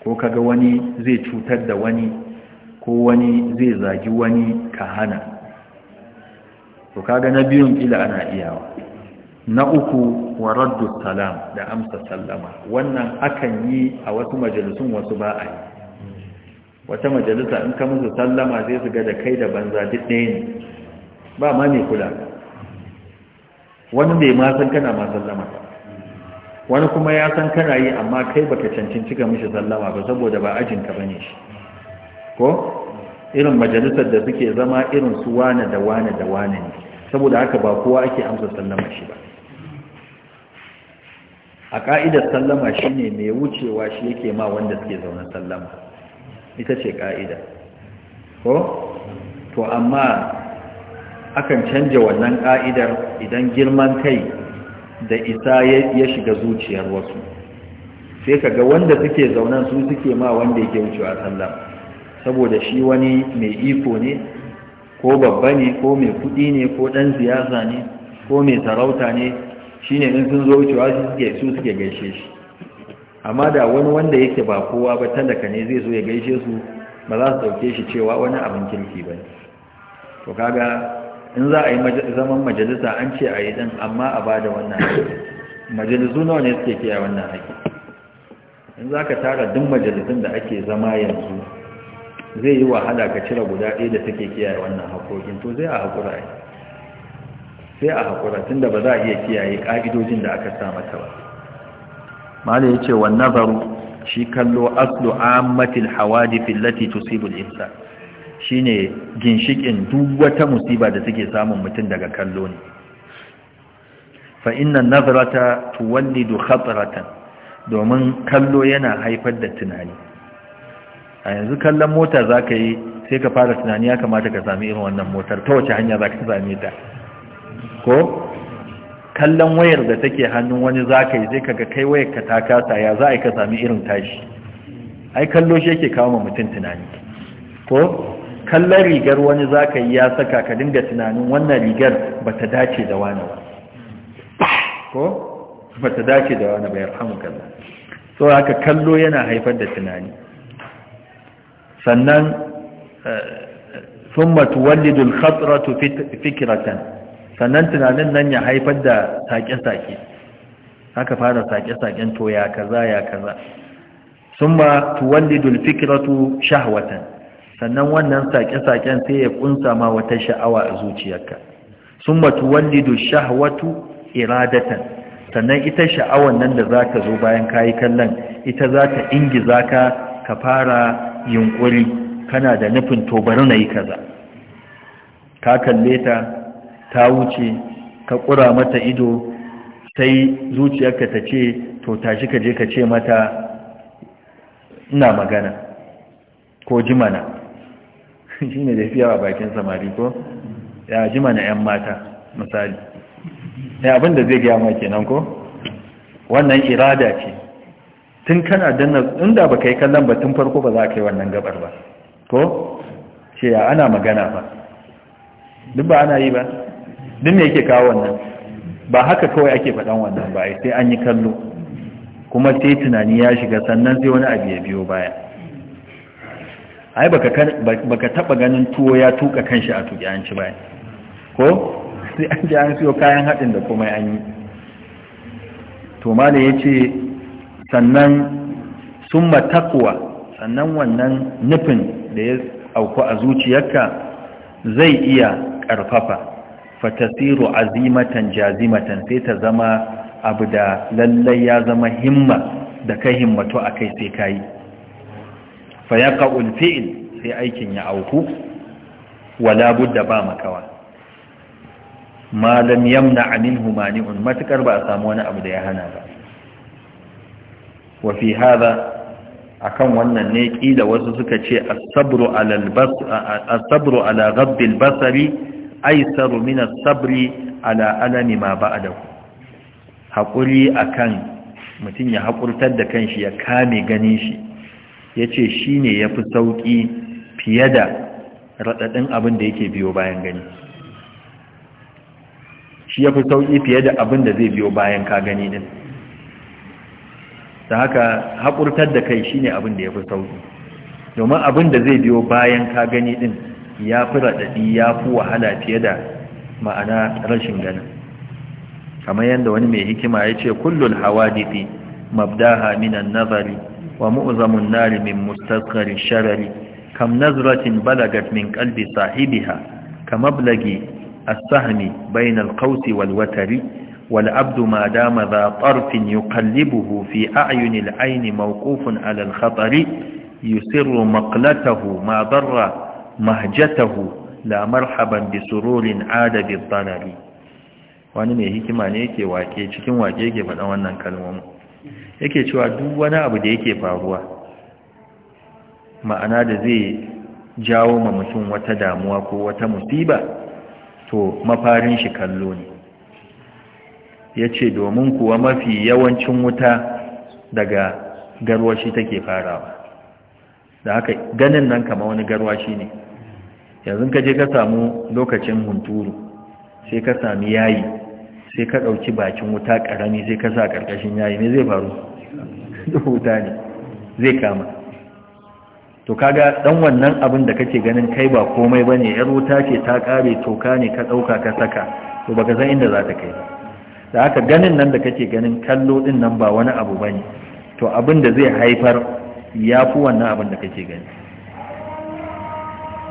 ko kaga wani zai cutar da wani ko wani zai zagi wani ka hana to kaga na biyun kila ana iyawa na uku wa raddu salam da amsa sallama wannan akan yi a wasu majalisun wasu ba a yi wata majalisa in ka musu sallama zai su ga da kai da banza duk ɗaya ne ba ma mai kula wani bai ma san kana ma sallama wani kuma ya san kana yi amma kai baka cancanci ga mishi sallama ba saboda ba ajinka bane shi ko irin majalisar da suke zama irin su wane da wane da wane ne saboda haka ba kowa ake amsa sallama shi ba a ka'idar sallama shi ne mai wucewa shi yake ma wanda suke zaune sallama ita ce ƙa'ida ko? to amma akan canja wannan ƙa'idar idan girman kai da isa ya shiga zuciyar wasu sai kaga wanda suke zaunan su suke ma wanda yake wucewa sallama saboda shi wani mai iko ne ko babba ne ko mai kuɗi ne ko ɗan siyasa ne ko mai sarauta ne shine in sun zo wucewa su suke gaishe shi amma da wani wanda yake ba kowa ba talaka ne zai zo ya gaishe su ba za su dauke shi cewa wani abin kirki ba to kaga in za a yi zaman majalisa an ce a yi dan amma a bada wannan haƙƙi majalisu nawa ne suke kiyaye wannan haƙƙi in za ka tara duk majalisun da ake zama yanzu zai yi wahala ka cire guda ɗaya da take kiyaye wannan haƙoƙin to zai a haƙura sai a haƙura tunda ba za a iya kiyaye ƙa'idojin da aka sa mata ba mala ya ce wannan nazaru shi kallo aslu ammatil hawadifin lati tusibul insa shi ne ginshikin duk wata musiba da take samun mutum daga kallo ne fa'innan nazarata tuwallidu khatsaratan domin kallo yana haifar da tunani a yanzu kallon mota za ka yi sai ka fara tunani ya kamata ka sami irin wannan motar ta wace hanya za ka sami ta ko kallon wayar da take hannun wani za ka yi sai ka ga kai wayar ka ta kasa ya za a yi ka sami irin tashi ai kallo shi yake kawo ma mutum tunani ko kallon rigar wani za ka yi ya saka ka dinga tunanin wannan rigar ba ta dace da wani ba ko ba ta dace da wani ba ya rahamu kallon so haka kallo yana haifar da tunani sannan eh, thumma tuwallidul khatratu fikratan sannan tunanin nan ya haifar da sake-sake haka fara sake-saken to ya kaza ya kaza thumma tuwallidul fikratu shahwatan sannan wannan sake-saken sai ya kunsa ma wata sha'awa a zuciyarka thumma tuwallidu shahwatu iradatan sannan ita sha'awan nan da zaka zo bayan kayi kallon ita zaka ingiza ka ka fara yunkuri kana da nufin to bari na yi kaza ka kalle ta ta wuce ka kura mata ido sai zuciyarka ta ce to tashi ka je ka ce mata ina magana ko jimana <laughs> shi ne da fiye a bakin samari ko ya jimana 'yan mata misali ya abinda zai gaya ma kenan ko wannan irada ce tun kana danna inda baka yi kallon ba tun farko ba za ka yi wannan gabar ba ko ce ya ana magana ba duk ba ana yi ba duk ne yake kawo wannan ba haka kawai ake faɗan wannan ba sai an yi kallo kuma sai tunani ya shiga sannan sai wani abu ya biyo baya ai baka taba ganin tuwo ya tuka kanshi a tuki an ci baya ko sai an ji an siyo kayan haɗin da kuma an yi to ma yace ya sannan summa taqwa sannan wannan nufin da ya auku a zuciyarka zai iya ƙarfafa fatasiru azimatan jazimatan sai ta zama abu da lallai ya zama himma da kai himmatu a kai sai kayi fa ya sai aikin ya auku wala budda ba makawa malam yamna amin humani'un matukar ba a samu wani abu da ya hana ba wa fi hada akan wannan ne ƙila wasu suka ce as-sabru ala as-sabru ala al-basari aysaru min sabri ala alami ma ba'dahu hakuri akan mutum ya haƙurtar da kanshi ya kame ganin shi yace shine yafi sauki fiye da radadin abin da yake biyo bayan gani shi yafi sauki fiye da abin da zai biyo bayan ka gani din da haka haƙurtar da kai shine abin da ya fi sauƙi domin abin da zai biyo bayan ka gani ɗin ya fi raɗaɗi ya fi wahala fiye da ma'ana rashin gani. kamar yadda wani mai hikima ya ce kullul hawadithi mabdaha minan nazari wa mu'zamun nari min mustaskari sharari kam nazratin balagat min qalbi sahibiha kamablagi as-sahmi bainal qawsi wal watari والعبد ما دام ذا طرف يقلبه في أعين العين موقوف على الخطر يسر مقلته ما ضر مهجته لا مرحبا بسرور عاد بالضلال wani mai hikima ne yake wake cikin wake yake faɗa wannan kalmomin yake cewa duk wani abu da yake faruwa ma'ana da zai jawo ma mutum wata damuwa ko wata musiba to mafarin shi kallo ne ya ce domin kuwa mafi yawancin wuta daga garwashi take farawa da haka ganin nan kama wani garwashi ne yanzu ka je ka samu lokacin hunturu sai ka sami yayi sai ka ɗauki bakin wuta ƙarami sai ka sa ƙarƙashin yayi ne zai faru wuta ne zai kama to kaga ɗan wannan abin da kake ganin kai ba komai ba ne ‘yar wuta ce ta ƙare toka ne ka ɗauka ka saka to baka san inda za ta kai ba da aka ganin nan da kake ganin kallo din nan ba wani abu bane to abin da zai haifar ya fi wannan abin da kake gani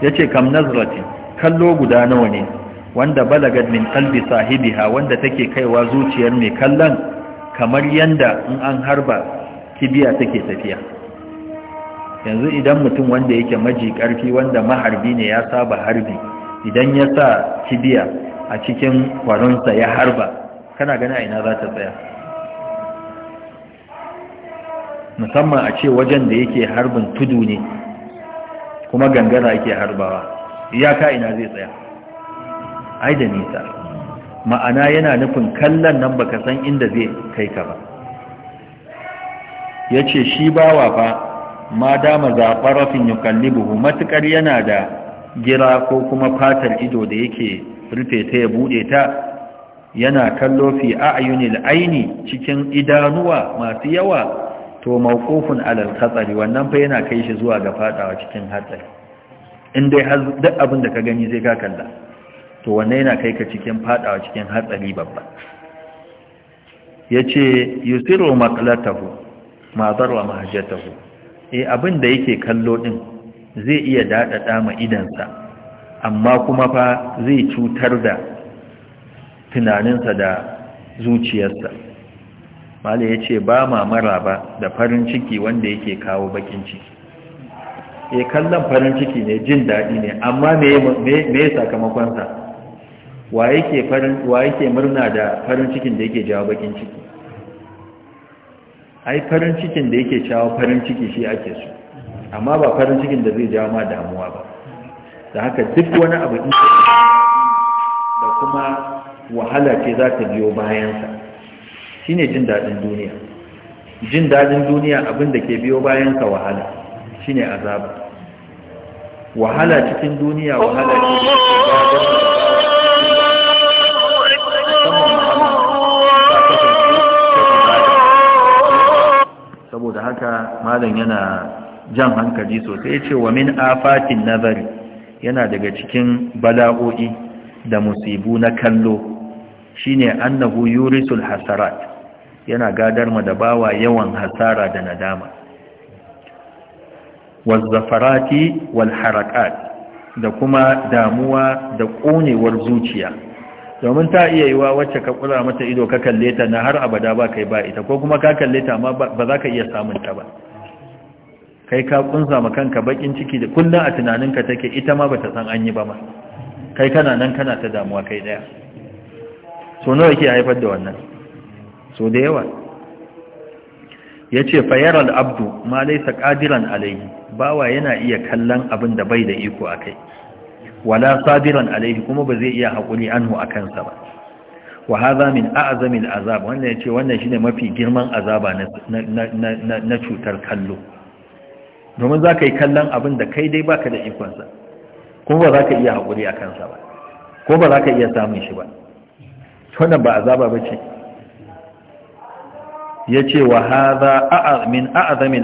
ya ce kam nazrati kallo guda nawa ne wanda balaga min kalbi sahibiha wanda take kaiwa zuciyar mai kallon kamar yanda in an harba kibiya take tafiya yanzu idan mutum wanda yake maji karfi wanda maharbi ne ya saba harbi idan ya sa kibiya a cikin kwaronsa ya harba kana gani a ina za ta tsaya musamman a ce wajen da yake harbin tudu ne kuma gangara yake harbawa iyaka ina zai tsaya ai da nisa ma'ana yana nufin kallon nan baka san inda zai kai ka ba ya ce shi bawa fa ma dama zafarafin ya buhu. matukar yana da gira ko kuma fatar ido da yake rufe ta ya buɗe ta yana kallo fi a'yunil aini cikin idanuwa masu yawa to mawqufun alal khatari wannan fa yana kai shi zuwa ga fadawa cikin hatsari in dai har duk abin da ka gani zai ka kalla to wannan yana kai ka cikin fadawa cikin hatsari babba yace yusiru maqlatahu ma darwa mahajatahu eh abin da yake kallo din zai iya dadada ma idansa amma kuma fa zai cutar da tunaninsa da zuciyarsa Malam ya ce ba ma ba da farin ciki wanda yake kawo bakin ciki e kallon farin ciki ne jin daɗi ne amma me ya sakamakonsa wa yake murna da farin cikin da yake jawo bakin ciki ai farin cikin da yake jawo farin ciki shi ake so amma ba farin cikin da zai jawo ma damuwa ba da haka duk wani abu da kuma wahala ce za ta biyo bayansa shi ne jin daɗin duniya jin daɗin duniya abinda ke biyo bayansa wahala shi ne wahala cikin duniya wahala cikin duniya saboda haka malam yana jan hankali sosai ce wa min afatin nazari yana daga cikin bala'o'i da musibu na kallo shine annahu yurisul hasarat yana gadar ma da bawa yawan hasara da nadama wazzafarati wal harakat da kuma damuwa da konewar zuciya domin ta iya yiwa wacce ka kula mata ido ka kalle ta na har abada ba kai ba ita ko kuma ka kalle ta amma ba za ka iya samun ta ba kai ka kunza ma kanka bakin ciki da kullum a tunaninka take ita ma bata san an yi ba ma kai kana nan kana ta damuwa kai daya so nawa yake haifar da wannan so da yawa ya ce fayarar abdu ma laisa ƙadiran alaihi bawa yana iya kallon abin da bai da iko a kai wala sabiran alaihi kuma ba zai iya haƙuri anhu a kansa ba wa haza min a'azamin azab wannan ya ce, wannan shi ne mafi girman azaba na cutar kallo domin za ka yi kallon abin da kai dai baka da ikonsa, kuma ba ka iya haƙuri a kansa ba ko ba za ka iya samun shi ba wannan ba azaba ba ya ce wa haza a'a min azabi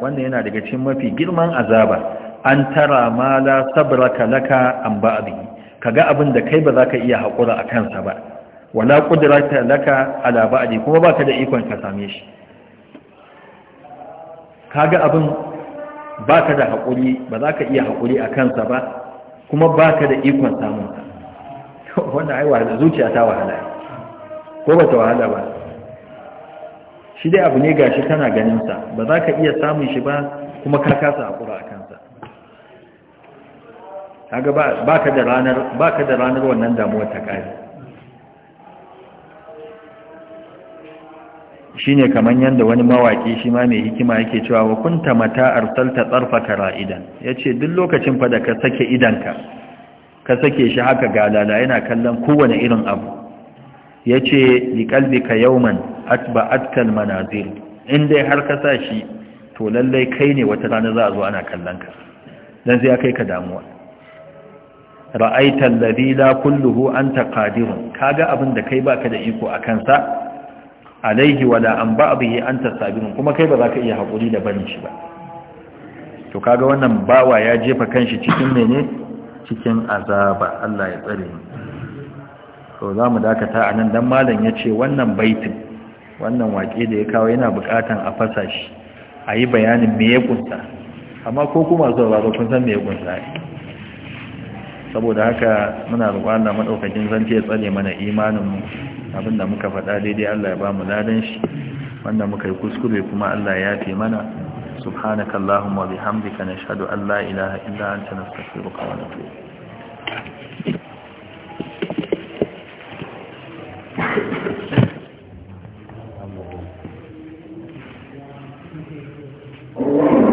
wannan yana daga cikin mafi girman azaba an tara ma la sabraka laka an ba'di kaga abin da kai ba za ka iya haƙura a kansa ba wala qudrata laka ala ba'di kuma baka da ikon ka same shi kaga abin baka da haƙuri ba za ka iya haƙuri a kansa ba kuma baka da ikon samunsa <laughs> wannan ai wahala zuciya ta wahala ko ba ta wahala ba shi dai abu ne gashi tana ganin sa ba za ka iya samun shi ba kuma ka kasa hakura a kansa kaga ba ka da ranar ba ka da ranar wannan damuwar ta Shi ne kaman yanda wani mawaki shi ma mai hikima yake cewa wa kunta mata arsalta tsarfaka ra'idan ce duk lokacin fa da ka sake idanka ka sake shi haka galala yana kallon kowane irin abu ya ce ka yauman atba atkal manazir in dai har ka sa shi to lallai kai ne wata rana za a zo ana kallon ka dan zai kai ka damuwa Ra'aitar ladhi la kulluhu anta Kadiru. kaga abin da kai baka da iko kan sa alaihi wala an ba'dihi anta sabirun kuma kai ba za ka iya hakuri da barin shi ba to kaga wannan bawa ya jefa kanshi cikin mene cikin azaba Allah ya tsare mu to za dakata anan nan don malam ya ce wannan baitin wannan waƙe da ya kawo yana buƙatan a fasa shi a yi bayanin me ya kunta amma ko kuma zuwa ba kun san me ya kunta saboda haka muna roƙon Allah madaukakin zance ya tsare mana imanin imaninmu abinda muka faɗa daidai Allah ya ba mu ladan shi wanda muka yi kuskure kuma Allah ya yafe mana سبحانك اللهم وبحمدك نشهد أن لا إله إلا أنت نستغفرك ونتوب Thank you.